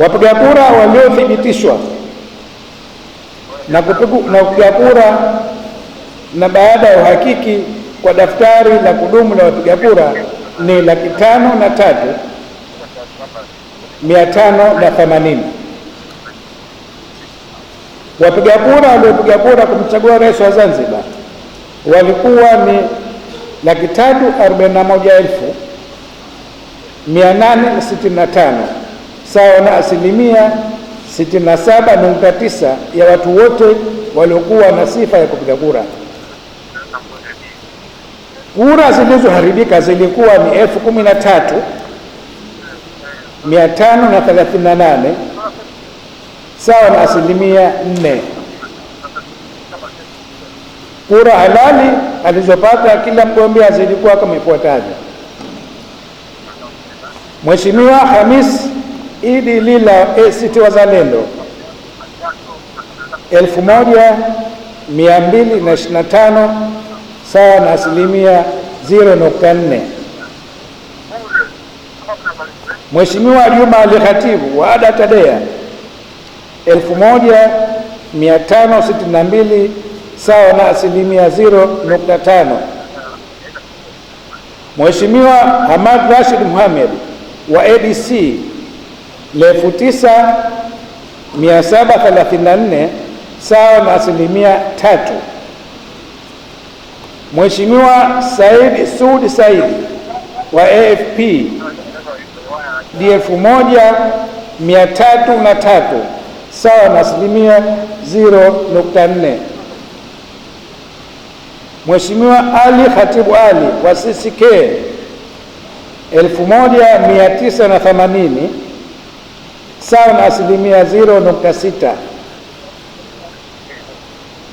Wapiga kura waliothibitishwa na kupiga kura na baada ya uhakiki kwa daftari la kudumu la wapiga kura ni laki tano na tatu mia tano na themanini. Wapiga kura waliopiga kura kumchagua rais wa Zanzibar walikuwa ni laki tatu arobaini na moja elfu mia nane sitini na tano sawa na asilimia 67.9 ya watu wote waliokuwa na sifa ya kupiga kura. Kura zilizoharibika zilikuwa ni elfu na tatu mia na nane sawa na asilimia nne. Kura halali alizopata kila mgombea zilikuwa kama ifuatavyo: Mheshimiwa Hamis Idi lila ACT Wazalendo 1225 sawa na asilimia 0.4. Mheshimiwa Juma Ali Khatibu wa ada Tadea 1562 sawa na asilimia 0.5. Mheshimiwa Hamad Rashid Muhammad wa ADC elfu tisa mia saba thelathini na nne sawa na asilimia tatu. Mheshimiwa Said Sud Said wa AFP ni elfu moja mia tatu na tatu sawa na asilimia 0.4. Mheshimiwa Ali Khatibu Ali wa CCK elfu moja mia tisa na themanini sawa na asilimia 0.6.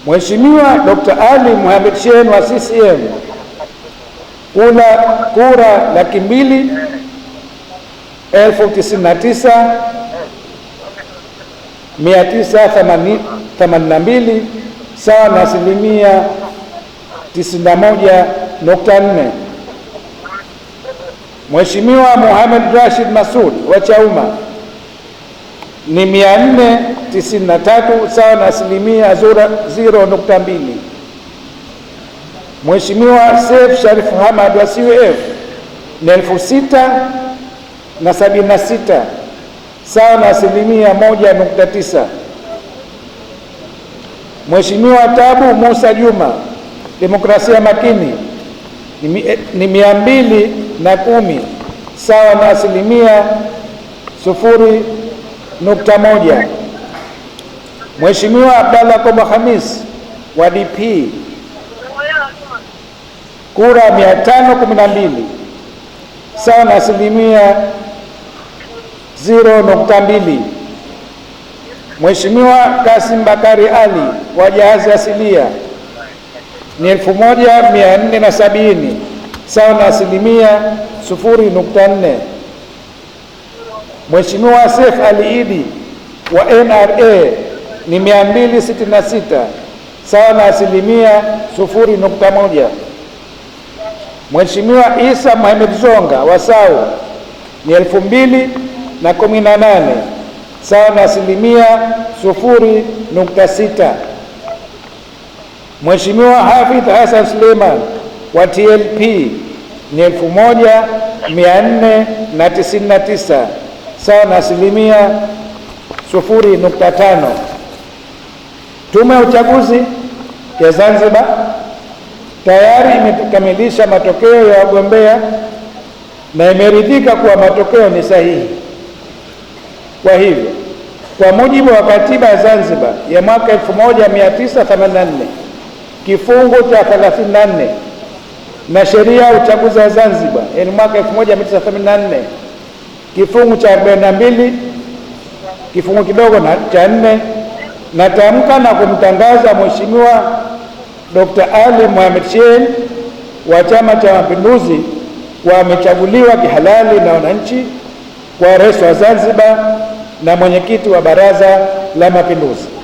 Mheshimiwa Dr. Ali Mohamed Shein wa CCM kula kura laki mbili elfu tisini na tisa mia tisa themanini na mbili sawa na asilimia 91.4. Mheshimiwa Mohamed Rashid Masud wa Chauma ni 493 sawa na asilimia 0.2. Mheshimiwa Seif Sharif Hamad wa CUF ni elfu sita na sita sawa na asilimia moja nukta tisa Mheshimiwa Tabu Musa Juma Demokrasia Makini ni mia mbili na kumi sawa na asilimia sufuri nukta moja. Mheshimiwa Abdallah Koba Hamis wa DP kura 512 sawa na asilimia 0.2. Mheshimiwa Kasim Bakari Ali wa Jahazi Asilia ni 1470 sawa na asilimia 0.4. Mheshimiwa Seif Ali Idi wa NRA ni 266 sawa na asilimia 0.1. Mheshimiwa Isa Mohamed Zonga wa SAU ni 2018 sawa na asilimia 0.6. Mheshimiwa Hafidh Hassan Suleiman wa TLP ni 1499 sawa na asilimia sufuri nukta tano. Tume ya Uchaguzi ya Zanzibar tayari imekamilisha matokeo ya wagombea na imeridhika kuwa matokeo ni sahihi. Kwa hivyo, kwa mujibu wa katiba ya Zanzibar ya mwaka 1984 kifungu cha 34 na sheria ya uchaguzi wa Zanzibar ya mwaka 1984 kifungu cha 42 kifungu kidogo na cha nne natamka na kumtangaza Mheshimiwa Dr. Ali Mohamed Shein wa Chama cha Mapinduzi wamechaguliwa kihalali na wananchi kwa rais wa Zanzibar na mwenyekiti wa Baraza la Mapinduzi.